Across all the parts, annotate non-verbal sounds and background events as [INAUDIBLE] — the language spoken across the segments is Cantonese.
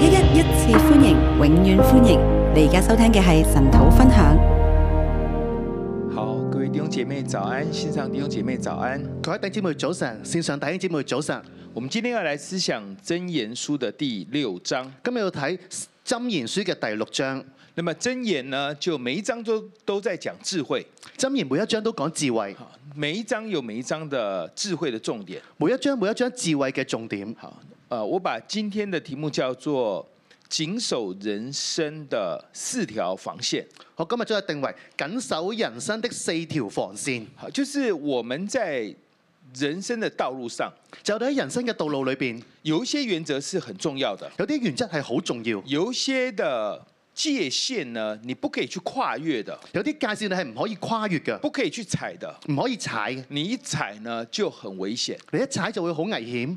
一一一次歡迎，永遠歡迎！你而家收聽嘅係神土分享。好，各位弟兄姐妹早安，先生弟兄姐妹早安。各位弟兄姐妹早晨，先生弟兄姐妹早晨。我們今天要來思想箴言書的第六章，今日要睇箴言書嘅第六章。那麼箴言呢，就每一章都都在講智慧，箴言每一章都講智慧，每一章有每一章的智慧的重點，每一章每一章智慧嘅重點。好。我把今天的題目叫做《謹守人生的四條防線》。好，今日就係定位謹守人生的四條防線。好，就是我們在人生的道路上，走喺人生嘅道路裏邊，有一些原則是很重要的，有啲原則係好重要，有些的界限呢，你不可以去跨越的，有啲界線呢，係唔可以跨越嘅，不可以去踩的，唔可以踩。你一踩呢，就很危險。你一踩就會好危險。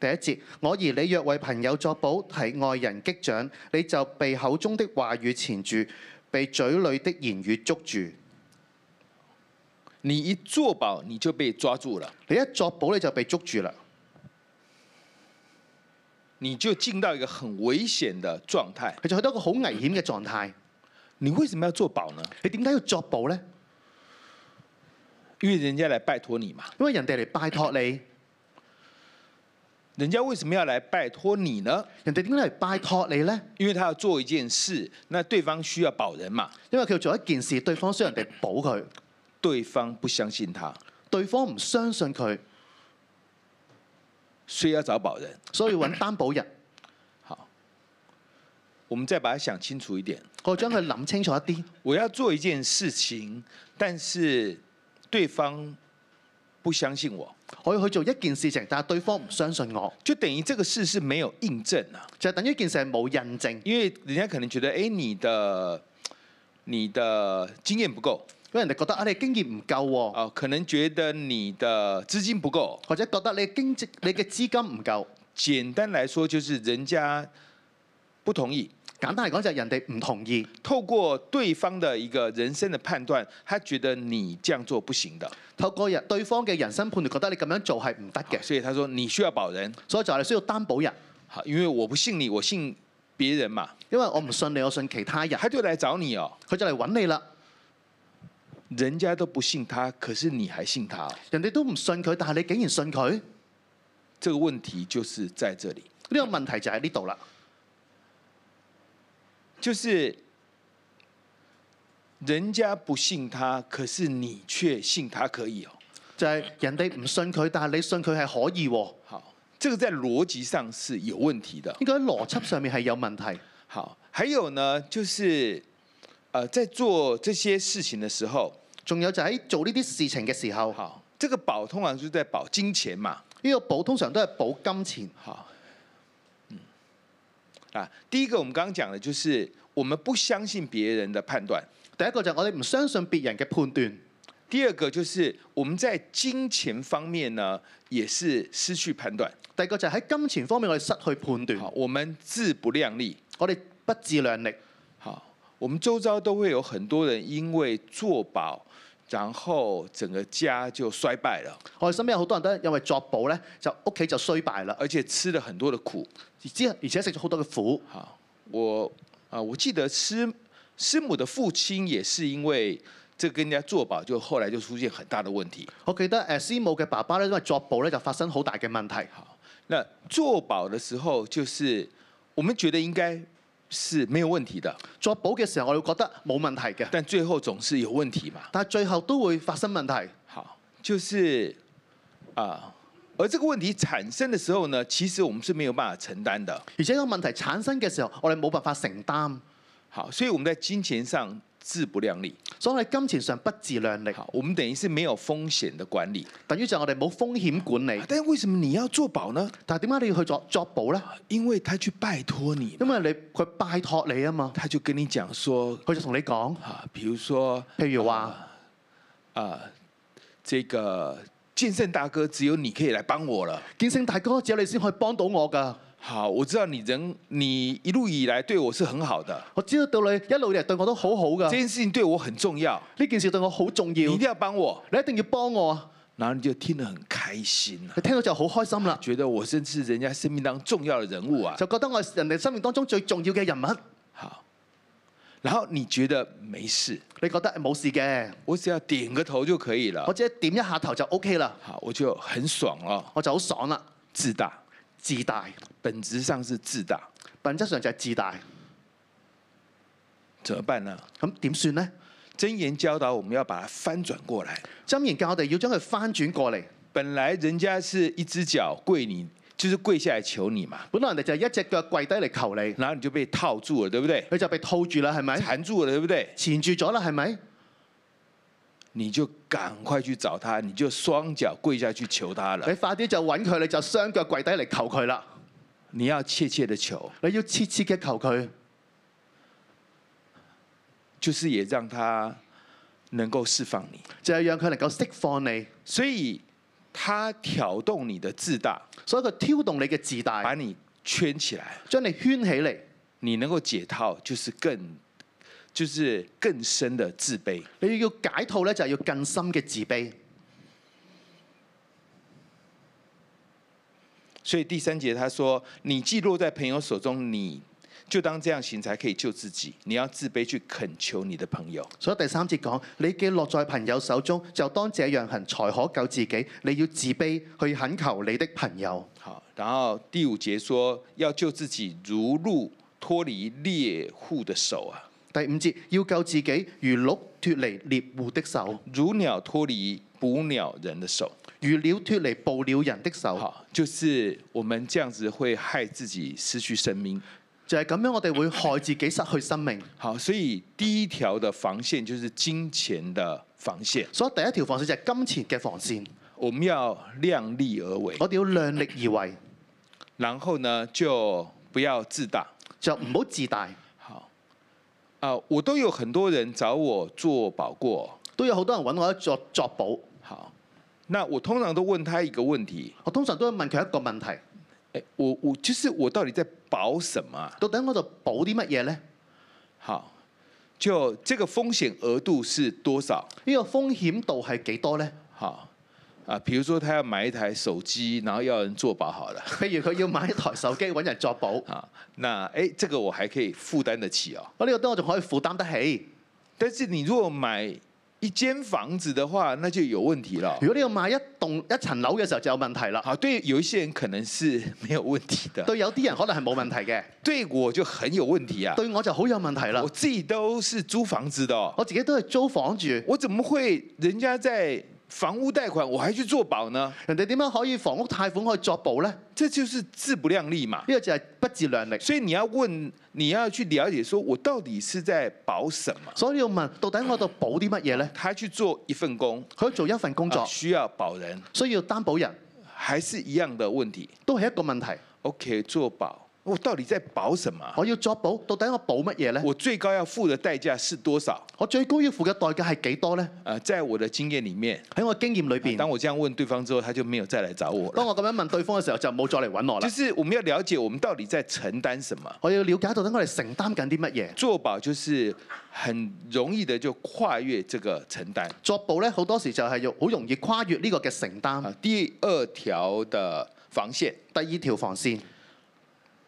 第一節，我而你若為朋友作保，係愛人擊掌，你就被口中的話語纏住，被嘴裏的言語捉住。你一作保，你就被抓住了；你一作保，你就被捉住了，你就進到一個很危險的狀態。佢就去到一個好危險嘅狀態。你為什麼要做保呢？你點解要作保呢？因為人家嚟拜託你嘛。因為人哋嚟拜託你。人家為什麼要來拜託你呢？人哋點解嚟拜託你呢？因為他要做一件事，那對方需要保人嘛。因為佢要做一件事，對方需要人哋保佢。對方不相信他，對方唔相信佢，需要找保人，所以揾擔保人。 [COUGHS] 好，我們再把它想清楚一點。我將佢諗清楚一啲。 [COUGHS] 我要做一件事情，但是對方。不相信我，我要去做一件事情，但係對方唔相信我，就等於這個事是沒有印證啊，就等於一件事係冇印證，因為人家可能覺得誒、欸，你的你的經驗不夠，因為人哋覺得啊，你經驗唔夠哦，可能覺得你的資金不夠，或者覺得你經濟你嘅資金唔夠，簡單來說就是人家不同意。簡單嚟講就係人哋唔同意，透過對方嘅一個人生嘅判斷，他覺得你這樣做不行的。透過人對方嘅人生判斷，覺得你咁樣做係唔得嘅。所以他說你需要保人，所以就係你需要擔保人。好，因為我不信你，我信別人嘛。因為我唔信你，我信其他人。佢就嚟找你哦，佢就嚟揾你啦。人家都不信他，可是你還信他。人哋都唔信佢，但係你竟然信佢。這個問題就是在這裏。呢個問題就喺呢度啦。就是，人家不信他，可是你卻信他可以哦。就係、是、人哋唔信佢，但係你信佢係可以、哦、好，這個在邏輯上是有問題的。應該邏輯上面係有問題。好，還有呢，就是，呃、在做這些事情的時候，仲有就喺做呢啲事情嘅時候，好，這個保通常就是在保金錢嘛，呢個保通常都係保金錢，吓。啊，第一個我們剛剛講的，就是我們不相信別人的判斷。第一個就係我哋唔相信別人嘅判斷。第二個就是我們在金錢方面呢，也是失去判斷。第二個就係喺金錢方面，我哋失去判斷。我們自不量力，我哋不自量力。好，我們周遭都會有很多人因為做保。然後整個家就衰敗了。我身邊好多人都因為作保咧，就屋企就衰敗啦，而且吃了很多的苦，而之而且吃了好多嘅苦。哈，我啊，我記得師師母嘅父親也是因為，這跟人家作保，就後來就出現很大的問題。我記得誒師母嘅爸爸咧因為作保咧就發生好大嘅問題。哈，那作保嘅時候就是，我們覺得應該。是沒有問題的。作保嘅時候，我會覺得冇問題嘅。但最後總是有問題嘛。但最後都會發生問題。好，就是啊、呃，而這個問題產生的時候呢，其實我們是沒有辦法承擔的。而且這個問題產生的時候，我哋冇辦法承擔。好，所以我們在金錢上。自不量力，所以我金錢上不自量力。好，我們等於是沒有風險的管理，等於就我哋冇風險管理。但係為什麼你要作保呢？但係點解你要去作作保咧？因為他去拜託你，因為他託你佢拜託你啊嘛，他就跟你講說，佢就同你講，啊，比如說，譬如話，啊，啊，這個劍聖大哥只有你可以來幫我啦，劍聖大哥只有你先可以幫到我噶。好，我知道你人，你一路以來對我是很好的。我知道到你一路以嚟對我都好好噶。這件事情對我很重要。呢件事對我好重要，你一定要幫我，你一定要幫我啊。然後你就聽得很開心啦，啊，你聽到就好開心啦，啊啊，覺得我真是人家生命當中重要的人物啊，就覺得我人哋生命當中最重要嘅人物，啊。好，然後你覺得沒事，你覺得係冇事嘅，我只要點個頭就可以了，我只要點一下頭就 OK 啦。好，我就很爽咯，我就好爽啦，自大。自大，本質上是自大。本質上就係自大，怎麼辦呢？咁點算呢？真言教導我們要把它翻轉過來。真言教導我哋要將佢翻轉過嚟。本來人家是一隻腳跪你，就是跪下來求你嘛。本來人哋就一隻腳跪低嚟求你，然後你就被套住了，對不對？佢就被套住了，係咪？纏住了，對不對？纏住咗啦，係咪？你就趕快去找他，你就雙腳跪下去求他了。你快啲就揾佢，你就雙腳跪低嚟求佢啦。你要切切的求，你要切切的求佢，就是也讓他能夠釋放你，就係讓佢能夠釋放你。所以，他挑動你的自大，所以佢挑動你嘅自大，把你圈起來，將你圈起嚟，你能夠解套，就是更。就是更深的自卑。你要解套呢，就係要更深嘅自卑。所以第三節他說：你既落在朋友手中，你就當這樣行，才可以救自己。你要自卑去懇求你的朋友。所以第三節講，你既落在朋友手中，就當這樣行，才可救自己。你要自卑去懇求你的朋友。好，然後第五節說，要救自己，如鹿脫離獵戶的手啊。第五節，要救自己，如鹿脫離獵戶的手，如鳥脫離捕鳥人的手，如鳥脫離捕鳥人的手。好，就是我們這樣子會害自己失去生命，就係咁樣，我哋會害自己失去生命。好，所以第一條的防線就是金錢的防線。所以第一條防線就係金錢嘅防線。我們要量力而為。我哋要量力而為，然後呢就不要自大，就唔好自大。啊、uh，我都有很多人找我做保過，都有好多人揾我做作保。好，那我通常都問他一個問題，我通常都問佢一個問題，誒，我我，就是我到底在保什麼？到底我在保啲乜嘢咧？好，就這個風險額度是多少？呢個風險度係幾多咧？好。啊，譬如說，他要買一台手機，然後要人作保，好了。譬如佢要買一台手機，搵 [LAUGHS] 人作保。啊，那誒、欸，這個我還可以負擔得起哦。啊這個、我呢個都我仲可以負擔得起，但是你如果買一間房子的話，那就有問題啦。如果你要買一棟一層樓嘅時候就有問題了。啊，對，有一些人可能是沒有問題的。對，有啲人可能係冇問題嘅。 [LAUGHS] 對，我就很有問題啊。對我就好有問題啦。我自己都是租房子的、哦。我自己都係租房住，我怎麼會人家在？房屋貸款，我還去做保呢？人哋點樣可以房屋貸款去作保呢？這就是自不量力嘛。一、這個就係不自量力。所以你要問，你要去了解，說我到底是在保什麼？所以要問，到底我度保啲乜嘢呢？他去做一份工，佢做一份工作需要保人，所以要擔保人，還是一樣的問題，都係一個問題。OK，做保。我到底在保什麼啊？我要作保，到底我保乜嘢呢？我最高要付的代價是多少？我最高要付嘅代價係幾多呢？在我的經驗裡面，喺我經驗裡邊，當我這樣問對方之後，他就沒有再來找我了。當我咁樣問對方嘅時候，就冇再嚟搵我啦。就是我們要了解，我們到底在承擔什麼？我要了解到底我哋承擔緊啲乜嘢？作保就是很容易的就跨越這個承擔，作保呢，好多時候就係要好容易跨越呢個嘅承擔。第二條的防線，第一條防線。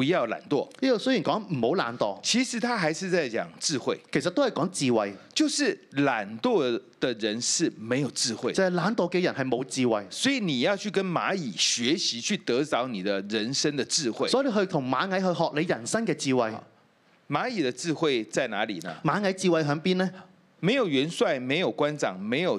不要懶惰，呢個雖然講唔好懶惰，其實他還是在講智慧，其實都係講智慧。就是懶惰的人是沒有智慧，就係、是、懶惰嘅人係冇智慧。所以你要去跟螞蟻學習，去得找你的人生嘅智慧。所以你去同螞蟻去學你人生嘅智慧。螞蟻嘅智慧在哪裡呢？螞蟻智慧喺邊呢？沒有元帥，沒有官長，沒有。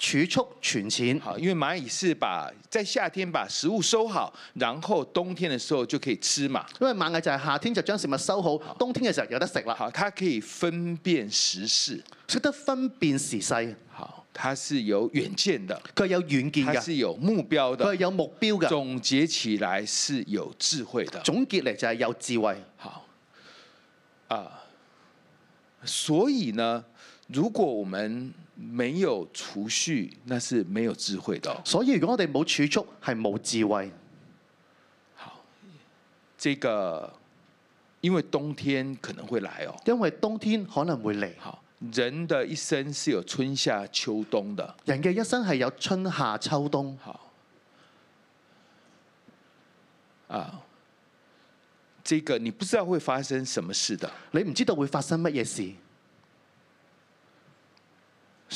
儲蓄存錢，好，因為螞蟻是把在夏天把食物收好，然後冬天的時候就可以吃嘛。因為螞蟻就係夏天就將食物收好，好，冬天嘅時候有得食啦。好，它可以分辨時勢，識得分辨時勢。好，它是有遠見的，佢有遠見嘅，係有目標的，佢有目標嘅。總結起來是有智慧的，總結嚟就係有智慧。好，啊、呃，所以呢，如果我們沒有儲蓄，那是沒有智慧的。所以如果我哋冇儲蓄，係冇智慧。好，這個因為冬天可能會來哦。因為冬天可能會嚟。好，人的一生是有春夏秋冬的。人嘅一生係有春夏秋冬。好，啊，這個你不知道會發生什麼事的，你唔知道會發生乜嘢事。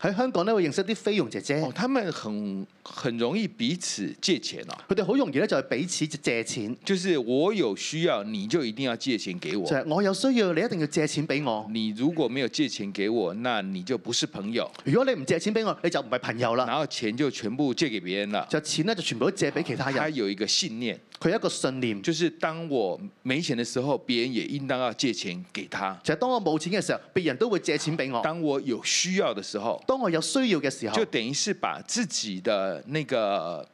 喺香港呢，會認識啲菲傭姐姐。哦，他們很很容易彼此借錢啊、哦。佢哋好容易咧，就係彼此借錢。就是我有需要，你就一定要借錢給我。就係、我有需要，你一定要借錢給我。你如果沒有借錢給我，那你就不是朋友。如果你唔借錢給我，你就唔係朋友啦。然後錢就全部借給別人啦。就錢呢，就全部都借俾其他人。他有一個信念，佢一個信念，就是當我沒錢的時候，別人也應當要借錢給他。就係、當我冇錢嘅時候，別人都會借錢俾我。當我有需要嘅時候。好當我有需要嘅時候，就等於是把自己的那個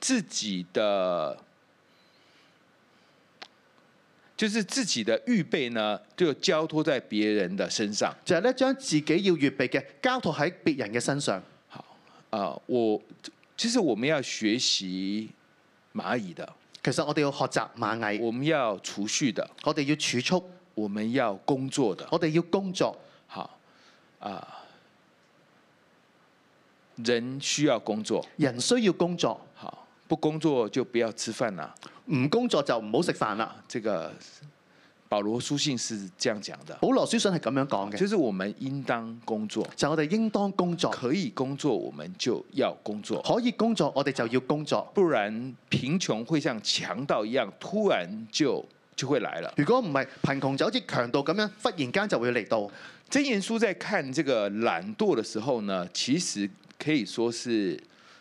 自己的，就是自己的預備呢，就交託在別人的身上。就係咧，將自己要預備嘅交託喺別人嘅身上。啊、呃，我其實、就是、我們要學習螞蟻的。其實我哋要學習螞蟻，我們要儲蓄的，我哋要儲蓄，我們要工作的，我哋要工作。好啊。呃人需要工作，人需要工作，好，不工作就不要吃飯啦，唔工作就唔好食飯啦。這個保羅書信是這樣講的，保羅書信係咁樣講嘅，就是我們應當工作，就我哋應當工作，可以工作，我們就要工作，可以工作，我哋就要工作，不然貧窮會像強盜一樣突然就就會來了。如果唔係貧窮就好似強盜咁樣，忽然間就會嚟到。箴言書在看這個懶惰的時候呢，其實。可以說是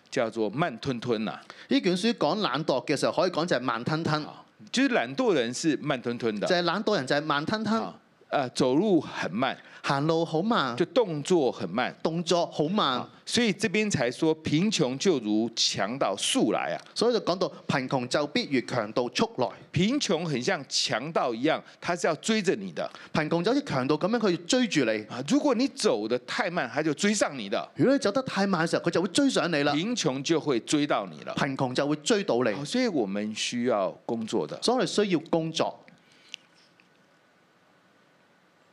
叫做慢吞吞啦、啊。呢本書講懶惰嘅時候，可以講就係慢吞吞。就係、是、懶惰人是慢吞吞的。就係、是、懶惰人就係慢吞吞。走路很慢，行路好慢，就動作很慢，動作好慢、啊，所以這邊才說貧窮就如強盜速來啊，所以就講到貧窮就必如強盜速來，貧窮很像強盜一樣，他是要追着你的，貧窮就好似強盜咁樣，佢要追住你、啊，如果你走得太慢，他就追上你的；如果你走得太慢嘅時候，佢就會追上你啦，貧窮就會追到你啦，貧窮就會追到你、啊，所以我們需要工作的，所以我哋需要工作。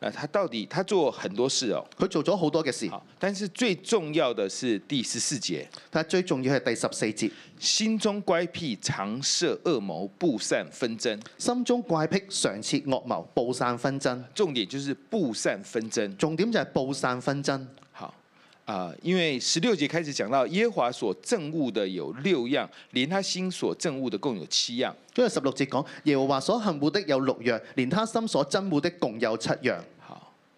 啊！他到底他做很多事哦，佢做咗好多嘅事，但是最重要的是第十四節，他最重要係第十四節，心中乖僻常設惡謀，布散紛爭；心中乖僻常設惡謀，布散紛爭。重點就是布散紛爭，重點就係布散紛爭。好啊、呃，因為十六節開始講到耶和華所憎惡的有六樣，連他心所憎惡的共有七樣。因為十六節講耶和華所恨惡的有六樣，連他心所憎惡的共有七樣。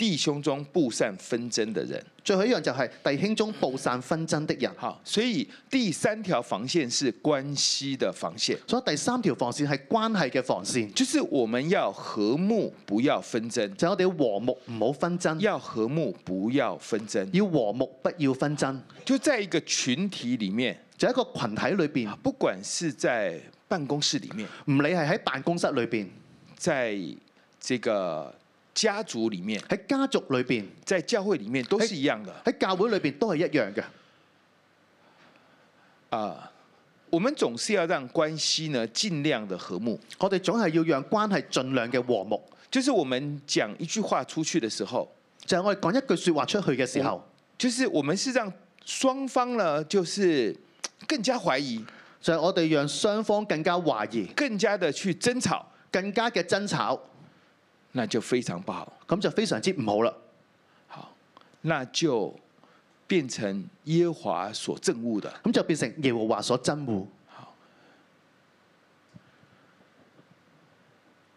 弟兄中布散紛爭的人，最後一樣就係弟兄中布散紛爭的人。哈，所以第三條防線是關係的防線，所以第三條防線係關係嘅防線，就是我們要和睦，不要紛爭。就是、我哋和睦，唔好紛爭，要和睦，不要紛爭，要和睦，不要紛爭。就在一個群體裏面，就在一個群體裏邊，不管是在辦公室裏面，唔理係喺辦公室裏邊，在這個。家族裏面喺家族裏邊，在教會裏面都係一樣的喺教會裏邊都係一樣嘅。啊、uh,，我們總是要讓關係呢盡量的和睦。我哋總係要讓關係盡量嘅和睦，就是我們講一句話出去的時候，就係、是、我哋講一句說話出去嘅時候，uh, 就是我們是讓雙方呢，就是更加懷疑，就係、是、我哋讓雙方、就是、更加懷疑，更加的去爭吵，更加嘅爭吵。那就非常不好，咁就非常之唔好啦。好，那就變成耶和華所憎惡的，咁就變成耶和華所憎惡。好，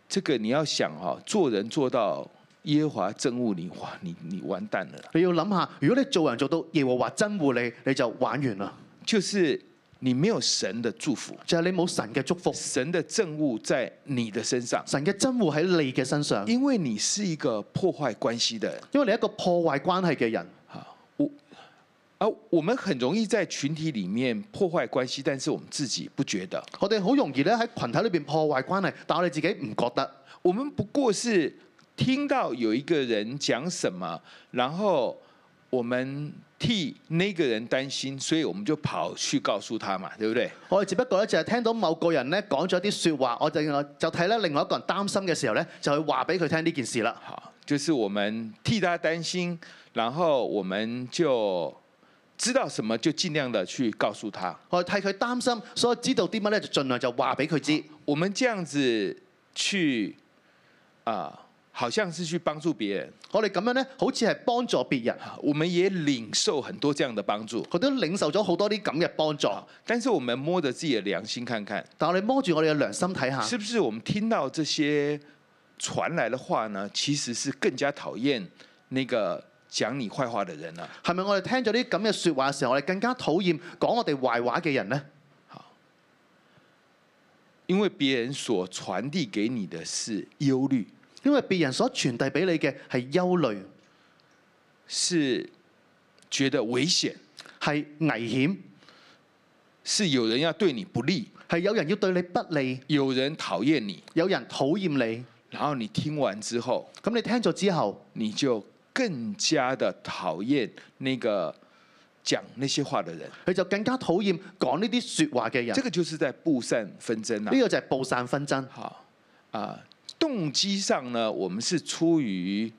這個你要想哈，做人做到耶和華憎惡你，哇，你你完蛋啦！你要諗下，如果你做人做到耶和華憎惡你，你就玩完啦，就是。你沒有神的祝福，即、就、係、是、你冇神嘅祝福，神的正物在你的身上，神嘅正物喺你嘅身上，因為你是一個破壞關係的人，因為你是一個破壞關係嘅人。好，我啊，我們很容易在群體裏面破壞關係，但是我們自己不覺得，我哋好容易咧喺群體裏邊破壞關係，但我哋自己唔覺得。我們不過是聽到有一個人講什麼，然後我們。替呢個人擔心，所以我們就跑去告訴他嘛，對不對？我只不過呢，就係聽到某個人呢講咗啲說話，我就就睇咧另外一個人擔心嘅時候呢，就去話俾佢聽呢件事啦。好，就是我們替他擔心，然後我們就知道什麼就盡量的去告訴他。我替佢擔心，所以知道啲乜呢，就盡量就話俾佢知。我們這樣子去啊。呃好像是去幫助別人，我哋咁樣呢，好似係幫助別人。我們也領受很多這樣的幫助，我都領受咗好多啲咁嘅幫助。但是我們摸着自己嘅良心看看，但我哋摸住我哋嘅良心睇下，是不是我們聽到這些傳來的話呢？其實是更加討厭那個講你壞話的人啦。係咪我哋聽咗啲咁嘅說話嘅時候，我哋更加討厭講我哋壞話嘅人呢？因為別人所傳遞給你的是憂慮。憂慮因為別人所傳遞俾你嘅係憂慮，是覺得危險，係危險，是有人要對你不利，係有人要對你不利，有人討厭你，有人討厭你，然後你聽完之後，咁你聽咗之後，你就更加的討厭那個講那些話的人，佢就更加討厭講呢啲說話嘅人，呢、這個就是在布散紛爭啦，呢個就係布散紛爭，好啊。啊啊動機上呢，我們是出於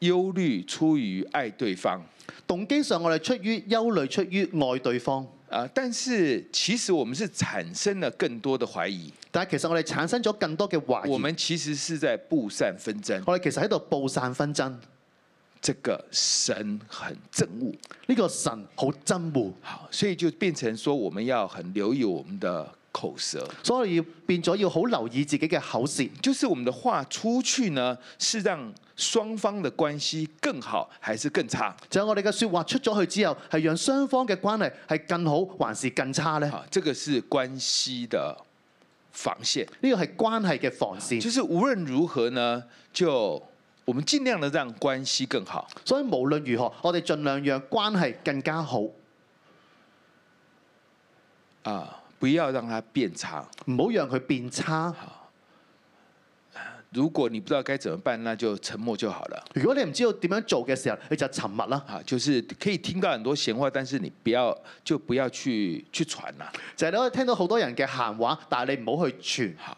憂慮，出於愛對方。動機上我哋出於憂慮，出於愛對方。啊，但是其實我們是產生了更多的懷疑。但係其實我哋產生咗更多嘅懷疑。我們其實是在布散紛爭。我哋其實喺度布散紛爭，這個神很憎惡，呢個神好憎惡，好，所以就變成說我們要很留意我們的。口舌，所以變要變咗要好留意自己嘅口舌，就是我們的話出去呢，是讓雙方的關係更好還是更差？就是，我哋嘅說話出咗去之後，係讓雙方嘅關係係更好還是更差咧？吓，啊，這個是關係的防線，呢個係關係嘅防線，啊。就是無論如何呢，就我們盡量的讓關係更好。所以無論如何，我哋盡量讓關係更加好。啊。不要讓它變差，唔好讓佢變差。好，如果你不知道該怎麼辦，那就沉默就好了。如果你唔知道點樣做嘅時候，你就沉默啦。啊，就是可以聽到很多閒話，但是你不要就不要去去傳啦。就係、是、你可以聽到好多人嘅閒話，但係你唔好去傳。好，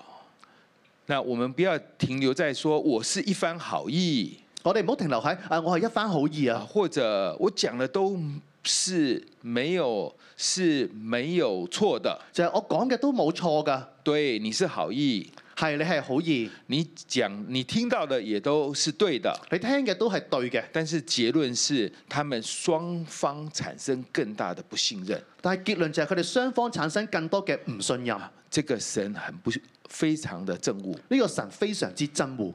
那我們不要停留在說我是一番好意。我哋唔好停留喺啊，我係一番好意啊，或者我講嘅都。是沒有是沒有錯的，就係、是、我講嘅都冇錯噶。對，你是好意，係你係好意，你講你聽到的也都是對的，你聽嘅都係對嘅。但是結論是，他們雙方產生更大的不信任。但係結論就係佢哋雙方產生更多嘅唔信任。啊，這個神很不非常的憎惡，呢個神非常之憎惡。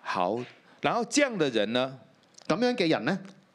好，然後這樣的人呢，咁樣嘅人呢？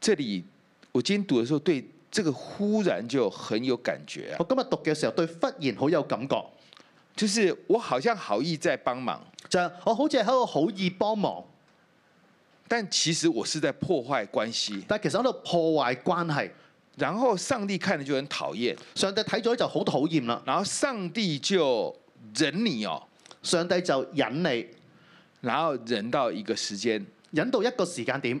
這裏我今天讀的時候對這個忽然就很有感覺。我今日讀嘅時候對忽然好有感覺，就是我好像好意在幫忙，就我好似喺度好意幫忙，但其實我是在破壞關係。但其實喺度破壞關係，然後上帝看着就很討厭，上帝睇咗就好討厭啦。然後上帝就忍你哦，上帝就忍你，然後忍到一個時間，忍到一個時間點。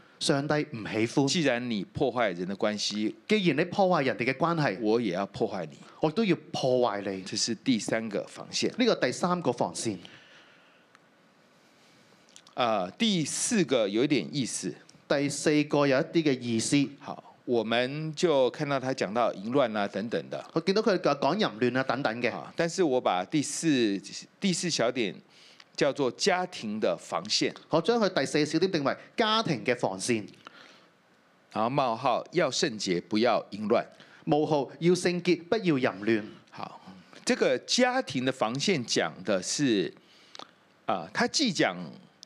上帝唔喜歡。既然你破壞人的關係，既然你破壞人哋嘅關係，我也要破壞你，我都要破壞你。這是第三個防線，呢、這個第三個防線。啊、呃，第四個有一點意思，第四個有一啲嘅意思。好，我們就看到他講到淫亂啦、啊、等等的，我見到佢講淫亂啊等等嘅。好，但是我把第四第四小點。叫做家庭的防線，我將佢第四小點定為家庭嘅防線。然後冒號要聖潔，不要淫亂。冒號要聖潔，不要淫亂。好，這個家庭的防線講的是，啊、呃，它既講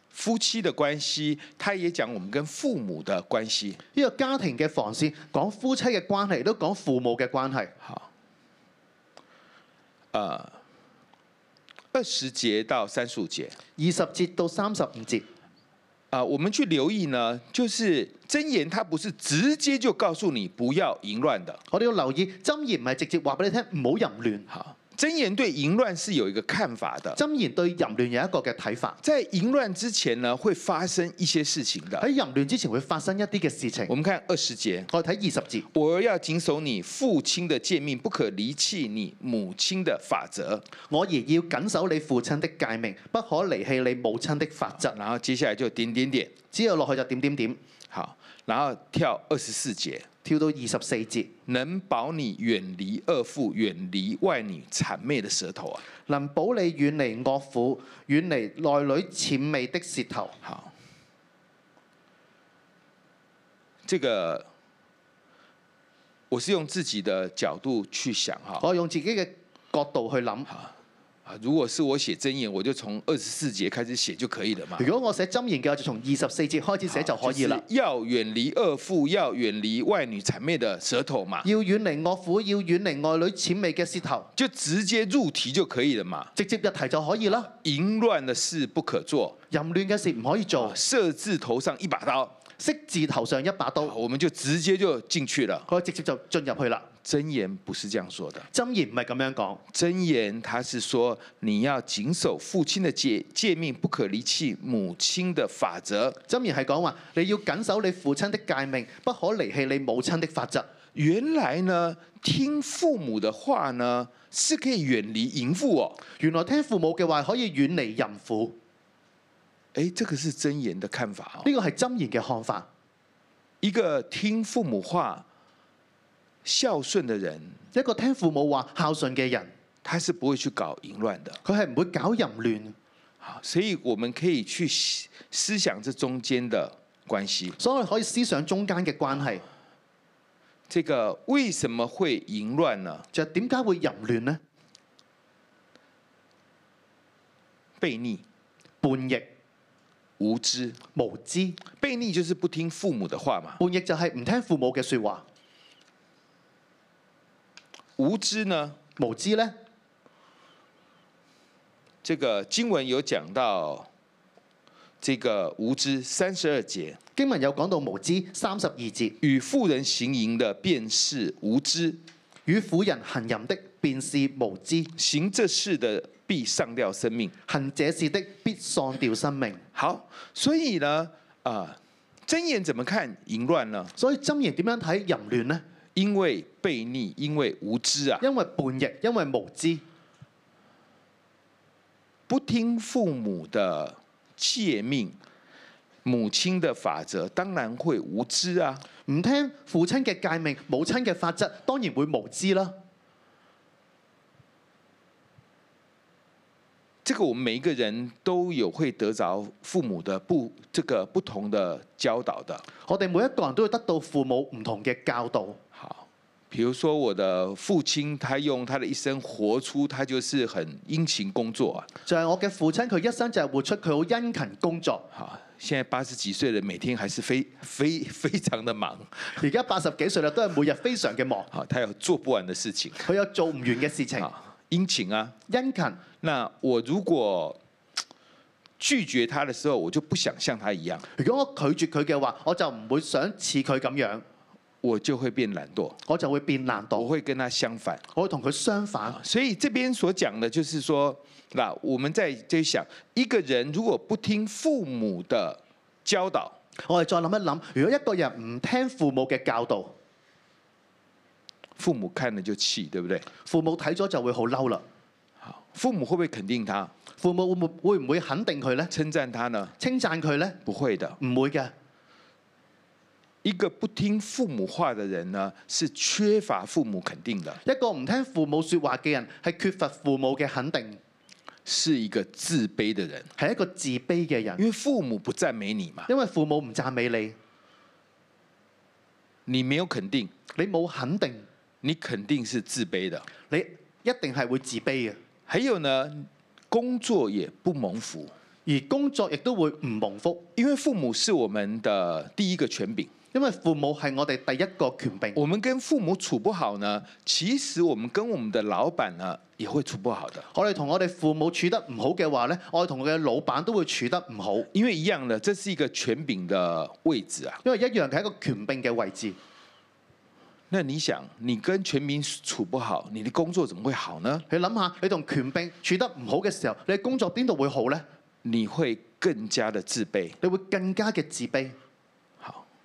夫妻的關係，它也講我們跟父母的關係。呢、這個家庭嘅防線講夫妻嘅關係，都講父母嘅關係。好，誒、呃。二十節到三十五節。二十節到三十五節。啊，uh，我們去留意呢，就是箴言，它不是直接就告訴你不要淫亂的。我哋要留意箴言，唔係直接話俾你聽，唔好淫亂哈。箴言對淫亂是有一個看法的。箴言對淫亂有一個嘅睇法。在淫亂之前呢，會發生一些事情的。喺淫亂之前會發生一啲嘅事情。我們看二十節，我睇二十節。我要謹守你父親的誡命，不可離棄你母親的法則。我亦要謹守你父親的誡命，不可離棄你母親的法則。然後接下係接下來就點點點，之後落去就點點點。好，然後跳二十四節。跳到二十四節，能保你遠離惡婦、遠離外女諂媚的舌頭啊！能保你遠離惡婦、遠離內女諂媚的舌頭。好，這個我是用自己的角度去想哈。我用自己嘅角度去諗。如果是我寫箴言，我就從二十四節開始寫就可以了嘛。如果我寫箴言嘅話，就從二十四節開始寫就可以了。好，就是要遠離惡婦，要遠離外女諂媚的舌頭嘛。要遠離惡婦，要遠離外女諂媚嘅舌頭。就直接入題就可以了嘛。直接入題就可以啦。淫亂嘅事不可做，淫亂嘅事唔可以做。色字頭上一把刀，色字頭上一把刀。好，我們就直接就進去了。可以直接就進入去啦。真言不是這樣說的，真言唔係咁樣講。真言，他是說你要謹守父親的誡誡命，不可離棄母親的法則。真言係講話，你要謹守你父親的誡命，不可離棄你母親的法則。原來呢，聽父母的話呢，是可以遠離淫婦哦。原來聽父母嘅話可以遠離淫婦。誒、欸，這個是真言的看法，呢、這個係真言嘅看法。一個聽父母話。孝順的人，一個聽父母話孝順嘅人，他是不會去搞淫亂的。佢係唔會搞淫亂，所以我們可以去思想這中間的關係。所以可以思想中間嘅關係，這個為什麼會淫亂呢？就點解會淫亂呢？悖逆、叛逆、無知、無知，悖逆就是不聽父母的話嘛。叛逆就係唔聽父母嘅說話。無知呢？無知呢？」這個經文有講到，這個無知三十二節。經文有講到無知三十二節。與婦人行淫的便是無知，與婦人行淫的便是無知。行這事的必喪掉生命，行這事的必喪掉生命。好，所以呢，啊、呃，箴言怎麼看淫亂呢？所以箴言點樣睇淫亂呢？因為。悖逆，因為無知啊！因為叛逆，因為無知、啊，不聽父母的誡命，母親的法則，當然會無知啊！唔聽父親嘅誡命，母親嘅法則，當然會無知啦、啊。這個我們每一個人都有會得着父母的不這個不同的教導的。我哋每一個人都會得到父母唔同嘅教導。比如說我的父親，他用他的一生活出，他就是很殷勤工作啊。就係我嘅父親，佢一生就係活出佢好殷勤工作。好，現在八十幾歲了，每天還是非非非常的忙。而家八十幾歲啦，都係每日非常嘅忙。好，他有做不完的事情。佢有做唔完嘅事情。殷勤啊，殷勤。那我如果拒絕他的時候，我就不想像他一樣。如果我拒絕佢嘅話，我就唔會想似佢咁樣。我就會變懶惰，我就會變懶惰，我會跟他相反，我會同佢相反。所以這邊所講的，就是說，嗱，我們在就想，一個人如果不聽父母的教導，我哋再諗一諗，如果一個人唔聽父母嘅教導，父母看了就氣，對不對？父母睇咗就會了好嬲啦。好，父母會唔會肯定他？父母會唔會唔會肯定佢呢？稱讚他呢？稱讚佢呢？不會的，唔會嘅。一個不聽父母話的人呢，是缺乏父母肯定的。一個唔聽父母說話嘅人，係缺乏父母嘅肯定，是一個自卑的人，係一個自卑嘅人。因為父母不讚美你嘛，因為父母唔讚美你，你沒有肯定，你冇肯定，你肯定是自卑的。你一定係會自卑嘅。還有呢，工作也不蒙福，而工作亦都會唔蒙福，因為父母是我們的第一個權柄。因為父母係我哋第一個權柄，我們跟父母處不好呢，其實我們跟我們的老闆呢也會處不好的。我哋同我哋父母處得唔好嘅話呢，我哋同我哋老闆都會處得唔好。因為一樣咧，這是一個權柄嘅位置啊。因為一樣係一個權柄嘅位置。那你想，你跟權柄處不好，你的工作怎麼會好呢？你諗下，你同權柄處得唔好嘅時候，你工作邊度會好呢？你會更加的自卑，你會更加嘅自卑。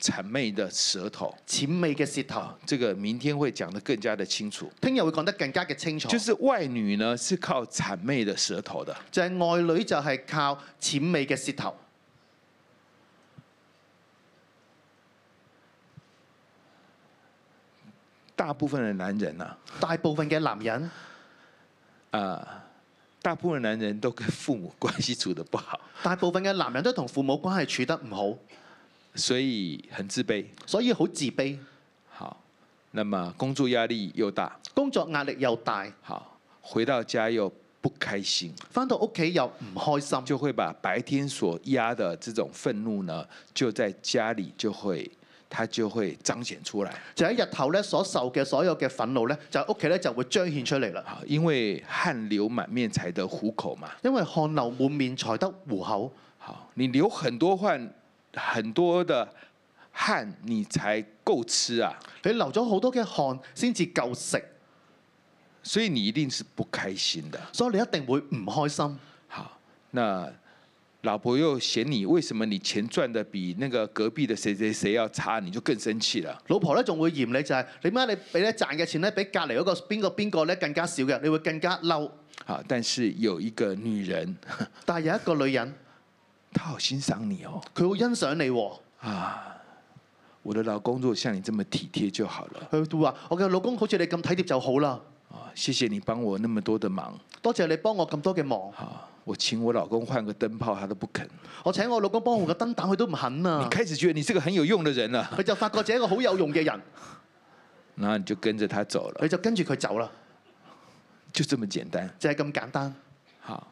諂媚的舌頭，諂媚嘅舌頭，這個明天會講得更加的清楚。聽日會講得更加嘅清楚。就是外女呢，是靠諂媚的舌頭的。就係、是、外女就係靠諂媚嘅舌頭。大部分嘅男人啊，大部分嘅男人啊，啊、呃，大部分的男人都跟父母關係處得不好。大部分嘅男人都同父母關係處得唔好。 [LAUGHS] 所以很自卑，所以好自卑。好，那麼工作壓力又大，工作壓力又大。好，回到家又不開心，返到屋企又唔開心，就會把白天所壓的這種憤怒呢，就在家裡就會，他就會彰顯出來。就喺日頭咧所受嘅所有嘅憤怒咧，就喺屋企咧就會彰顯出嚟啦。好，因為汗流滿面才得糊口嘛，因為汗流滿面才得糊口。好，你流很多汗。很多的汗你才夠吃啊！你流咗好多嘅汗先至夠食，所以你一定是不開心的。所以你一定會唔開心。好，那老婆又嫌你，為什麼你錢賺得比那個隔壁的誰誰誰要差，你就更生氣啦？老婆咧仲會嫌你就係點解你俾咧賺嘅錢咧比隔籬嗰個邊個邊個咧更加少嘅，你會更加嬲。好，但是有一個女人，但係有一個女人。 [LAUGHS] 他好欣賞你哦，佢好欣賞你、哦，啊，我的老公如果像你這麼體貼就好了。佢會話：，我嘅老公好似你咁體貼就好啦。啊，謝謝你幫我那麼多的忙，多謝你幫我咁多嘅忙。啊，我請我老公換個燈泡，他都不肯。我請我老公幫我個燈膽，佢、嗯、都唔肯啊。你開始覺得你是個很有用嘅人啦，佢就發覺自己一個好有用嘅人， [LAUGHS] 然後你就跟着他走了，佢就跟住佢走啦，就這麼簡單，就係、是、咁簡單，好。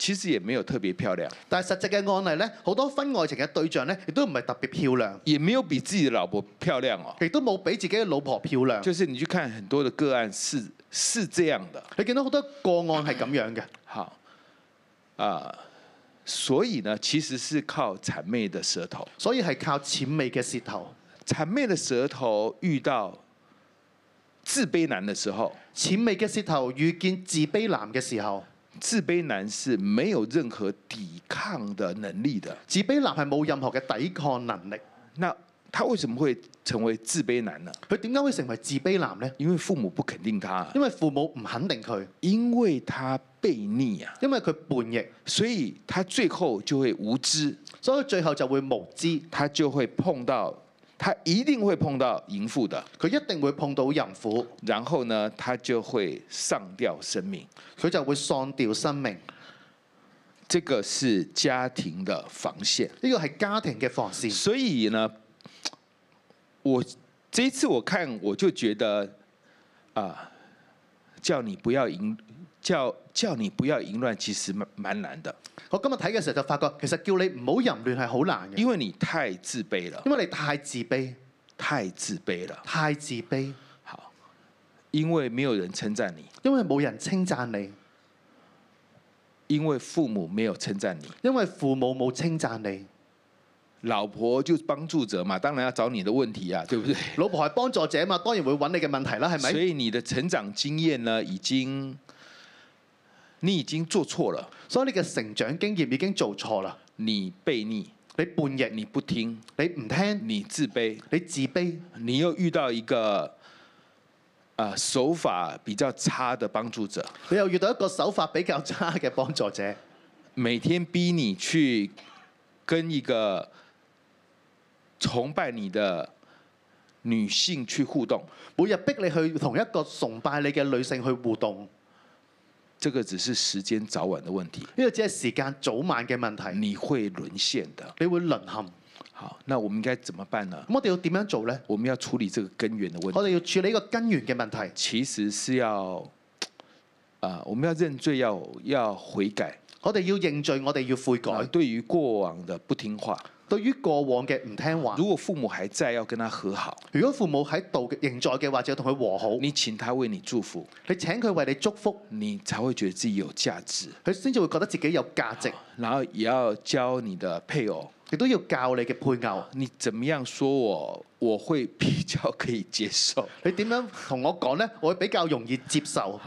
其實也沒有特別漂亮。但係實際嘅案例呢，好多婚外情嘅對象呢，亦都唔係特別漂亮。也沒有比自己老婆漂亮哦，亦都冇比自己老婆漂亮。就是你去看很多的個案是，是是這樣的，你見到好多個案係咁樣嘅，好，啊、呃，所以呢，其實是靠諂媚嘅舌頭，所以係靠諂媚嘅舌頭，諂媚嘅舌頭遇到自卑男嘅時候，諂媚嘅舌頭遇見自卑男嘅時候。自卑男是沒有任何抵抗的能力的。自卑男係冇任何嘅抵抗能力。那他為什麼會成為自卑男呢？佢點解會成為自卑男呢？因為父母不肯定他。因為父母唔肯定佢。因為他被逆啊。因為佢叛逆。所以他最後就會無知。所以最後就會無知。他就會碰到。他一定會碰到淫婦的，佢一定會碰到淫婦，然後呢，他就會喪掉生命，佢就會喪掉生命。這個是家庭的防線，呢個係家庭嘅防線。所以呢，我這一次我看我就覺得，啊、呃，叫你不要淫。叫叫你不要淫亂，其實蠻難的。我今日睇嘅時候就發覺，其實叫你唔好淫亂係好難嘅。因為你太自卑了。因為你太自卑，太自卑了。太自卑。好，因為沒有人稱讚你。因為冇人稱讚你。因為父母沒有稱讚你。因為父母冇稱讚你。老婆就幫助者嘛，當然要找你的問題啊，對不對？ [LAUGHS] 老婆係幫助者嘛，當然會揾你嘅問題啦，係咪？所以你的成長經驗呢，已經。.你已經做錯了，所以你嘅成長經驗已經做錯啦。你背逆，你叛逆，你不聽，你唔聽，你自卑，你自卑，你又遇到一個啊、呃、手法比較差的幫助者，你又遇到一個手法比較差嘅幫助者，每天逼你去跟一個崇拜你的女性去互動，每日逼你去同一個崇拜你嘅女性去互動。這個只是時間早晚的問題，因、這個只係時間早晚嘅問題。你會淪陷的，你會淪陷。好，那我們應該怎麼辦呢？我哋要點樣做呢？我們要處理這個根源的問題。我哋要處理一個根源嘅問題。其實是要，啊、呃，我們要認罪，要要悔改。我哋要認罪，我哋要悔改、呃。對於過往的不聽話。對於過往嘅唔聽話，如果父母還在，要跟他和好；如果父母喺度嘅仍在嘅話，就同佢和好。你請他為你祝福，你請佢為你祝福，你才會覺得自己有價值，佢先至會覺得自己有價值。然後也要教你的配偶，亦都要教你嘅配偶，你怎麼樣說我，我會比較可以接受。你點樣同我講呢？我會比較容易接受。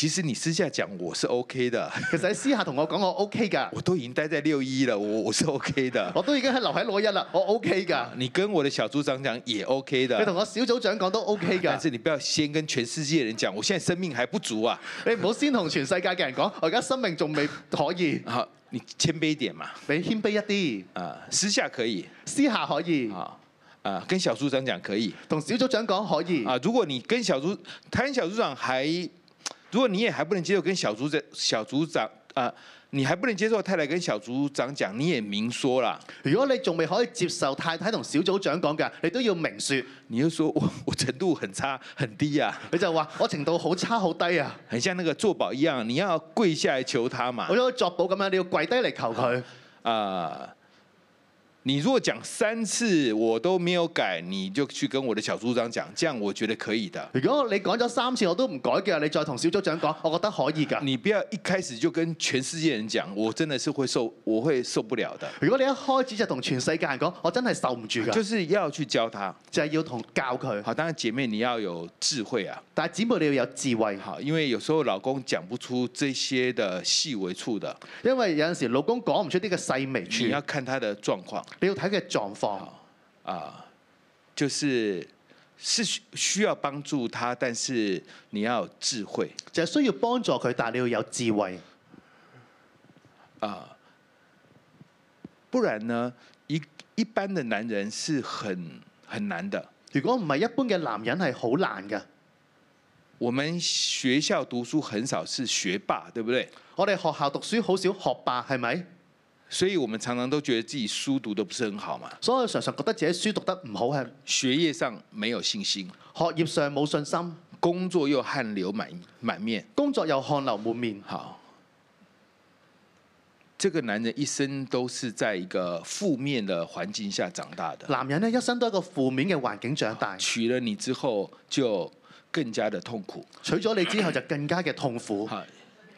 其實你私下講我是 OK 的，其實喺私下同我講我 OK 噶， [LAUGHS] 我都已經待在六一了，我我是 OK 的，我都已經留喺六一啦，我 OK 噶、啊。你跟我的小組長講也 OK 的，你同我小組長講都 OK 噶、啊。但是你不要先跟全世界人講，我現在生命還不足啊，你唔好先同全世界嘅人講，我而家生命仲未可以。好，你謙卑一點嘛，你謙卑一啲。啊，私下可以，私下可以。啊，啊，跟小組長講可以，同小組長講可以。啊，如果你跟小組，台灣小組長還。如果你也還不能接受跟小組長，小組長啊、呃，你還不能接受太太跟小組長講，你也明説啦。如果你仲未可以接受太太同小組長講嘅，你都要明説。你就說我我程度很差很低啊。佢就話我程度好差好低啊， [LAUGHS] 很像那個作保一樣，你要跪下來求他嘛。好似作保咁樣，你要跪低嚟求佢啊。呃你如果講三次我都沒有改，你就去跟我的小組長講，這樣我覺得可以的。如果你講咗三次我都唔改嘅，你再同小組長講，我覺得可以噶。你不要一開始就跟全世界人講，我真的是會受，我會受不了的。如果你一開始就同全世界人講，我真係受唔住噶。就是要去教他，就係要同教佢。好，當然姐妹你要有智慧啊。但係姐妹你要有智慧啊，好，因為有時候老公講不出這些的細微處的。因為有陣時老公講唔出呢個細微處，你要看他的狀況。你要睇佢狀況啊，就是是需要幫助他，但是你要智慧，就係需要幫助佢，但係你要有智慧啊，不然呢？一一般的男人是很很難的。如果唔係一般嘅男人係好難的。我們學校讀書很少是學霸，對不對？我哋學校讀書好少學霸，係咪？所以，我們常常都覺得自己書讀得不是很好嘛。所以常常覺得自己書讀得唔好係。學業上沒有信心。學業上冇信心。工作又汗流滿滿面。工作又汗流滿面。好，這個男人一生都是在一個負面的環境下長大的。男人呢一生都喺一個負面嘅環境長大。娶了你之後就更加的痛苦。娶咗你之後就更加嘅痛苦。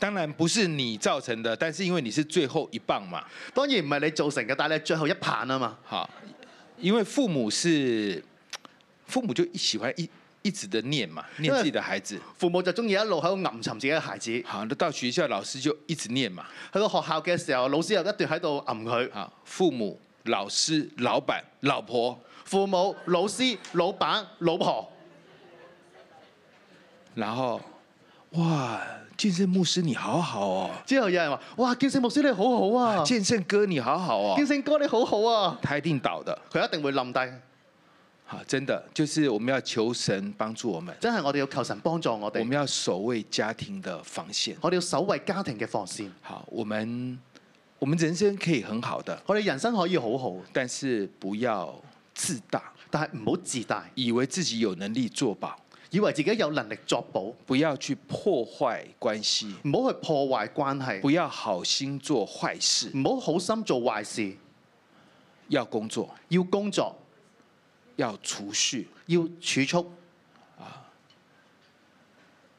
當然不是你造成的，但是因為你是最後一棒嘛，當然唔係你做成嘅，但係最後一棒啊嘛。好，因為父母是父母就一喜歡一一直的念嘛，念自己的孩子。父母就中意一路喺度吟尋自己嘅孩子。好，到學校老師就一直念嘛，去到學校嘅時候，老師又一直喺度吟佢。吓，父母、老師、老闆、老婆，父母、老師、老闆、老婆，然後，哇！見證牧師你好好哦，之後有人話哇見證牧師你好好啊，見證、啊、哥你好好啊，見證哥你好好啊，他一定倒的，佢一定會冧低，好，真的，就是我們要求神幫助我們，真係我哋要求神幫助我哋，我們要守衛家庭的防線，我哋要守衛家庭嘅防線，好，我們我們人生可以很好的，我哋人生可以好好，但是不要自大，但係唔好自大，以為自己有能力做保。以為自己有能力作保，不要去破壞關係，唔好去破壞關係，不要好心做壞事，唔好好心做壞事。要工作，要工作，要儲蓄，要儲蓄，啊，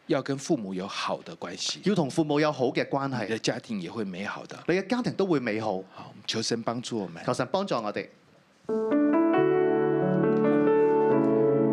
要跟父母有好的關係，要同父母有好嘅關係，你嘅家庭也會美好的，你嘅家庭都會美好。好，求神幫助我們，求神幫助我哋。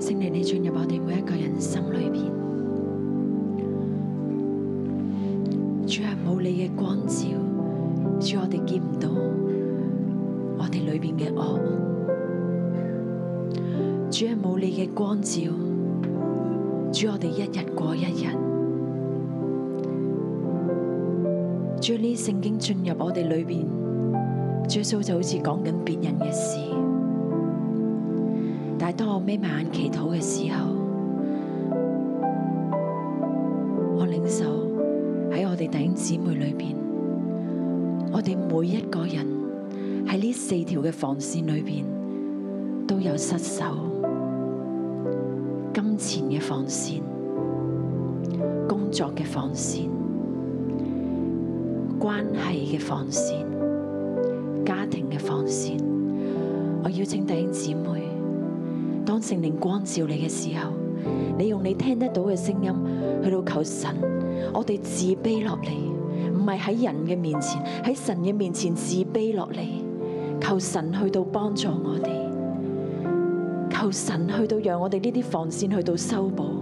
聖靈你進入我哋每一個人心裏邊，主係冇你嘅光照，主我哋見唔到我哋裏邊嘅惡，主係冇你嘅光照，主我哋一日過一日，將呢聖經進入我哋裏面，主耶穌就好似講緊別人嘅事。當我眯埋眼祈禱嘅時候，我領受喺我哋弟兄姊妹裏邊，我哋每一個人喺呢四條嘅防線裏邊都有失守：金錢嘅防線、工作嘅防線、關係嘅防線、家庭嘅防線。我邀請弟兄姊妹。聖靈光照你嘅時候，你用你聽得到嘅聲音去到求神。我哋自卑落嚟，唔係喺人嘅面前，喺神嘅面前自卑落嚟。求神去到幫助我哋，求神去到讓我哋呢啲防線去到修補。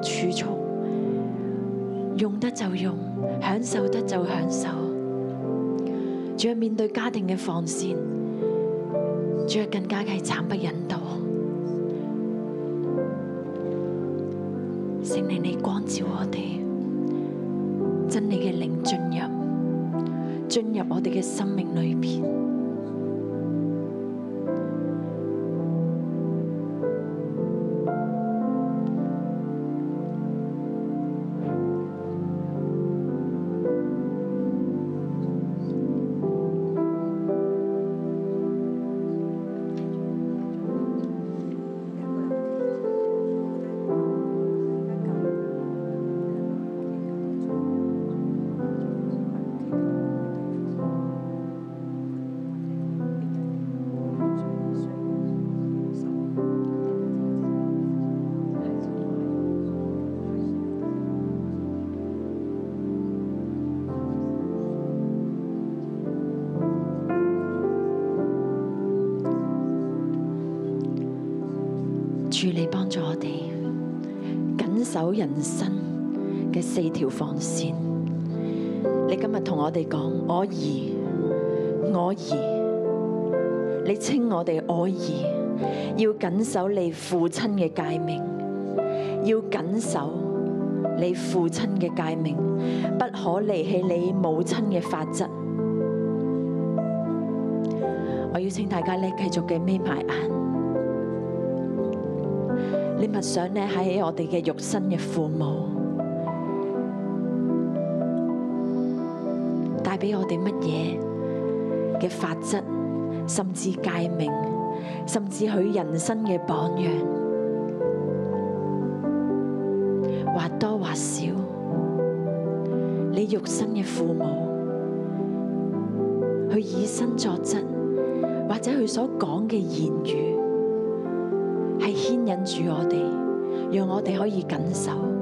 儲存，用得就用，享受得就享受。仲要面對家庭嘅防線，仲要更加嘅慘不忍睹。聖靈你光照我哋，真理嘅靈進入，進入我哋嘅生命裏面。可以要謹守你父親嘅誡命，要謹守你父親嘅誡命，不可離棄你母親嘅法則。我要請大家咧繼續嘅眯埋眼，你默想咧喺我哋嘅肉身嘅父母帶俾我哋乜嘢嘅法則，甚至誡命。甚至佢人生嘅榜樣，或多或少，你肉身嘅父母，佢以身作則，或者佢所講嘅言語，係牽引住我哋，讓我哋可以緊守。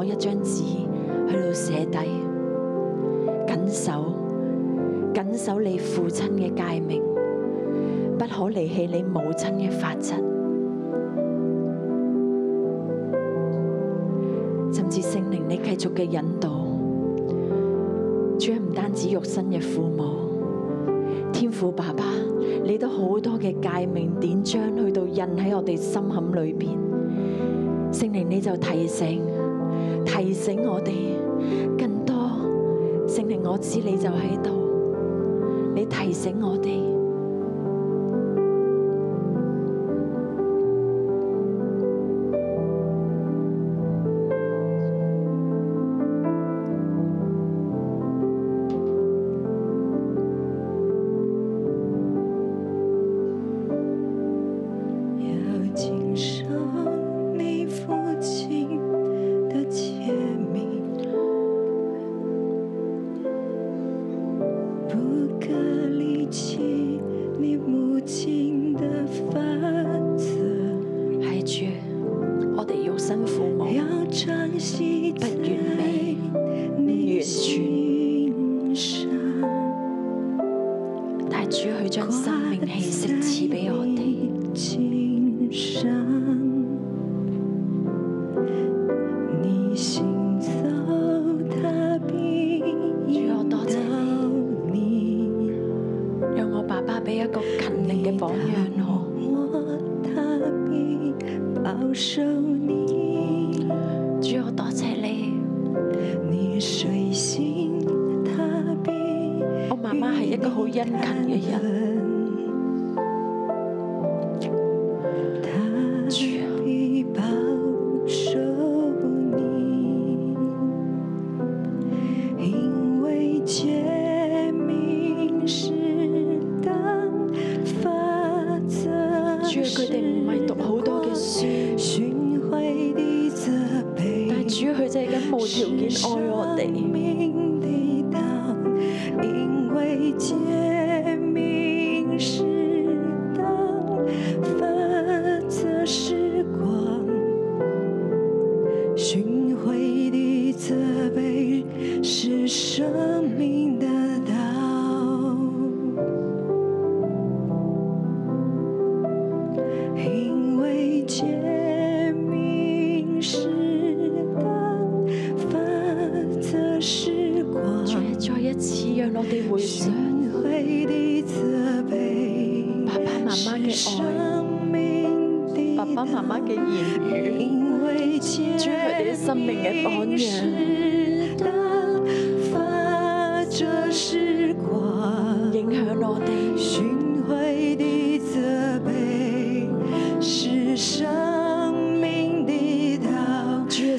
攞一張紙去到寫低，謹守謹守你父親嘅誡命，不可離棄你母親嘅法則，甚至聖靈你繼續嘅引導。主唔單止肉身嘅父母，天父爸爸，你都好多嘅誡命典章去到印喺我哋心坎裏邊。聖靈你就提醒。醒我哋更多，聖靈我知你就喺度，你提醒我哋。主去將生命氣息賜俾我哋。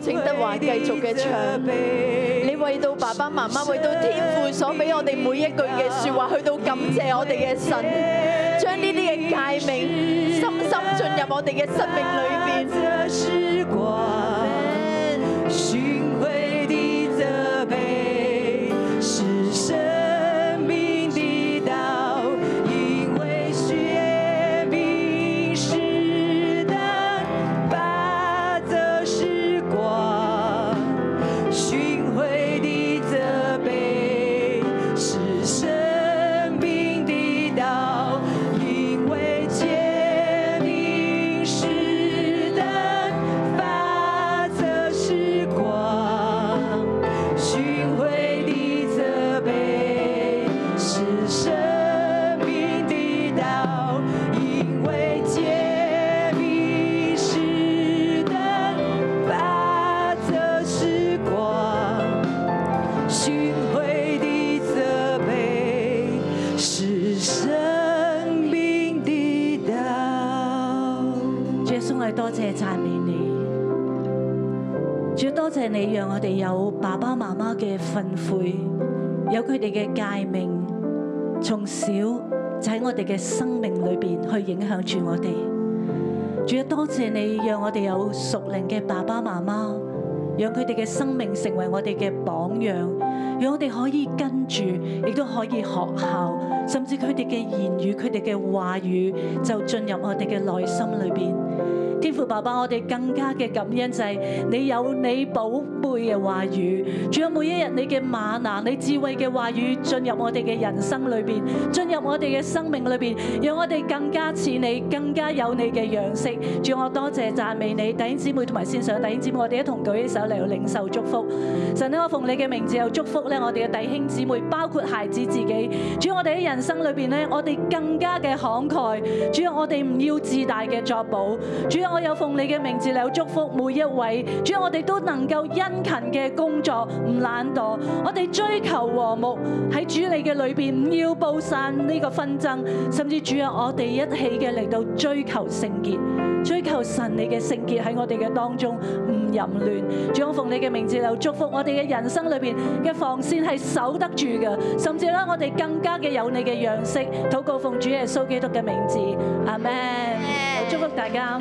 請德華繼續嘅唱，你為到爸爸媽媽，為到天父所俾我哋每一句嘅說話，去到感謝我哋嘅神，將呢啲嘅誡命深深進入我哋嘅生命裏。憤悔有佢哋嘅誡命，從小就喺我哋嘅生命裏邊去影響住我哋。仲要多謝你讓我哋有屬靈嘅爸爸媽媽，讓佢哋嘅生命成為我哋嘅榜樣，讓我哋可以跟住，亦都可以學效，甚至佢哋嘅言語、佢哋嘅話語就進入我哋嘅內心裏邊。天父爸爸，我哋更加嘅感恩就係、是、你有你保。嘅話語，仲有每一日你嘅馬拿，你智慧嘅話語進入我哋嘅人生裏邊，進入我哋嘅生命裏邊，讓我哋更加似你，更加有你嘅樣式。主啊，我多謝讚美你，弟兄姊妹同埋線上弟兄姊妹，我哋一同舉起手嚟到領受祝福。神啊，我奉你嘅名字有祝福咧，我哋嘅弟兄姊妹，包括孩子自己。主要我哋喺人生裏邊咧，我哋更加嘅慷慨。主要我哋唔要自大嘅作保。主要我有奉你嘅名字嚟有祝福每一位。主要我哋都能夠因。勤嘅工作唔懶惰，我哋追求和睦喺主你嘅裏邊，唔要布散呢個紛爭，甚至主有我哋一起嘅嚟到追求聖潔，追求神你嘅聖潔喺我哋嘅當中唔淫亂，主我奉你嘅名字又祝福，我哋嘅人生裏邊嘅防線係守得住嘅，甚至啦，我哋更加嘅有你嘅樣式，禱告奉主耶穌基督嘅名字，阿門。我祝福大家。